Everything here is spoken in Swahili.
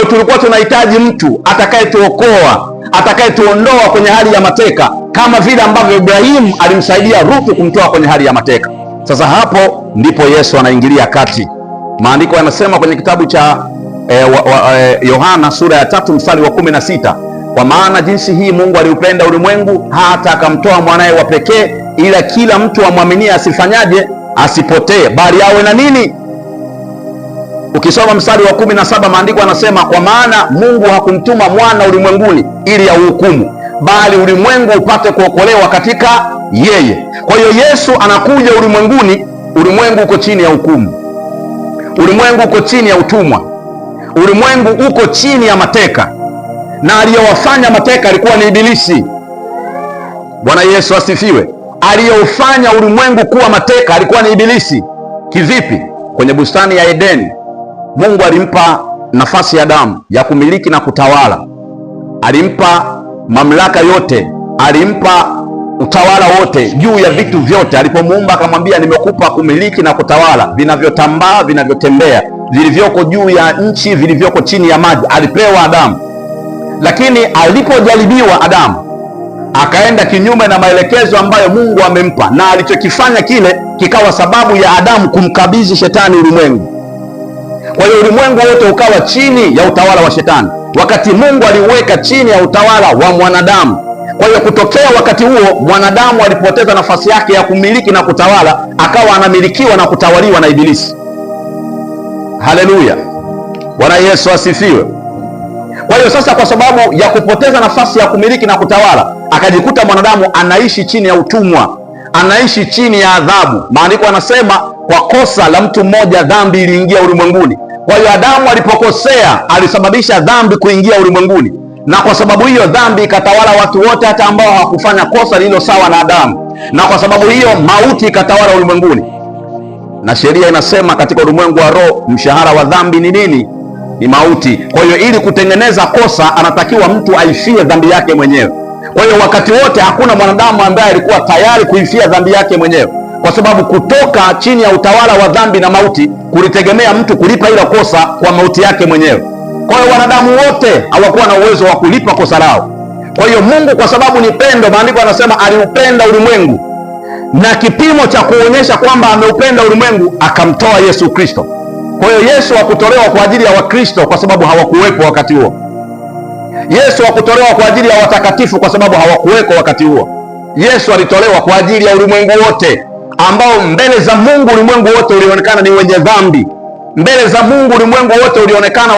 hiyo tulikuwa tunahitaji mtu atakayetuokoa, atakayetuondoa kwenye hali ya mateka, kama vile ambavyo Ibrahimu alimsaidia Ruthu kumtoa kwenye hali ya mateka. Sasa hapo ndipo Yesu anaingilia kati. Maandiko yanasema kwenye kitabu cha eh, eh, Yohana e, eh, sura ya tatu mstari wa kumi na sita kwa maana jinsi hii Mungu aliupenda ulimwengu hata akamtoa mwanaye wa pekee, ila kila mtu amwaminie asifanyaje? Asipotee, bali awe na nini? Ukisoma mstari wa kumi na saba maandiko anasema, kwa maana Mungu hakumtuma mwana ulimwenguni ili auhukumu, bali ulimwengu upate kuokolewa katika yeye. Kwa hiyo Yesu anakuja ulimwenguni. Ulimwengu uko chini ya hukumu, ulimwengu uko chini ya utumwa, ulimwengu uko chini ya mateka, na aliyowafanya mateka alikuwa ni Ibilisi. Bwana Yesu asifiwe. Aliyofanya ulimwengu kuwa mateka alikuwa ni Ibilisi. Kivipi? Kwenye bustani ya Edeni Mungu alimpa nafasi ya Adamu ya kumiliki na kutawala, alimpa mamlaka yote, alimpa utawala wote juu ya vitu vyote. Alipomuumba akamwambia, nimekupa kumiliki na kutawala vinavyotambaa, vinavyotembea, vilivyoko juu ya nchi, vilivyoko chini ya maji, alipewa Adamu. Lakini alipojaribiwa Adamu akaenda kinyume na maelekezo ambayo Mungu amempa, na alichokifanya kile kikawa sababu ya Adamu kumkabidhi shetani ulimwengu. Kwa hiyo ulimwengu wote ukawa chini ya utawala wa Shetani, wakati Mungu aliweka chini ya utawala wa mwanadamu. Kwa hiyo kutokea wakati huo mwanadamu alipoteza nafasi yake ya kumiliki na kutawala, akawa anamilikiwa na kutawaliwa na Ibilisi. Haleluya, Bwana Yesu asifiwe. Kwa hiyo sasa, kwa sababu ya kupoteza nafasi ya kumiliki na kutawala, akajikuta mwanadamu anaishi chini ya utumwa anaishi chini ya adhabu. Maandiko anasema kwa kosa la mtu mmoja dhambi iliingia ulimwenguni. Kwa hiyo Adamu alipokosea alisababisha dhambi kuingia ulimwenguni, na kwa sababu hiyo dhambi ikatawala watu wote, hata ambao hawakufanya kosa lililo sawa na Adamu, na kwa sababu hiyo mauti ikatawala ulimwenguni. Na sheria inasema katika ulimwengu wa roho mshahara wa dhambi ni nini? Ni mauti. Kwa hiyo ili kutengeneza kosa, anatakiwa mtu aifie dhambi yake mwenyewe. Kwa hiyo wakati wote hakuna mwanadamu ambaye alikuwa tayari kuifia dhambi yake mwenyewe, kwa sababu kutoka chini ya utawala wa dhambi na mauti kulitegemea mtu kulipa ila kosa kwa mauti yake mwenyewe. Kwa hiyo wanadamu wote hawakuwa na uwezo wa kulipa kosa lao. Kwa hiyo Mungu, kwa sababu ni pendo, maandiko anasema aliupenda ulimwengu, na kipimo cha kuonyesha kwamba ameupenda ulimwengu akamtoa Yesu Kristo. Kwa hiyo Yesu hakutolewa kwa ajili ya Wakristo kwa sababu hawakuwepo wakati huo. Yesu hakutolewa kwa ajili ya watakatifu kwa sababu hawakuweko wakati huo. Yesu alitolewa kwa ajili ya ulimwengu wote, ambao mbele za Mungu ulimwengu wote ulionekana ni wenye dhambi. Mbele za Mungu ulimwengu wote ulionekana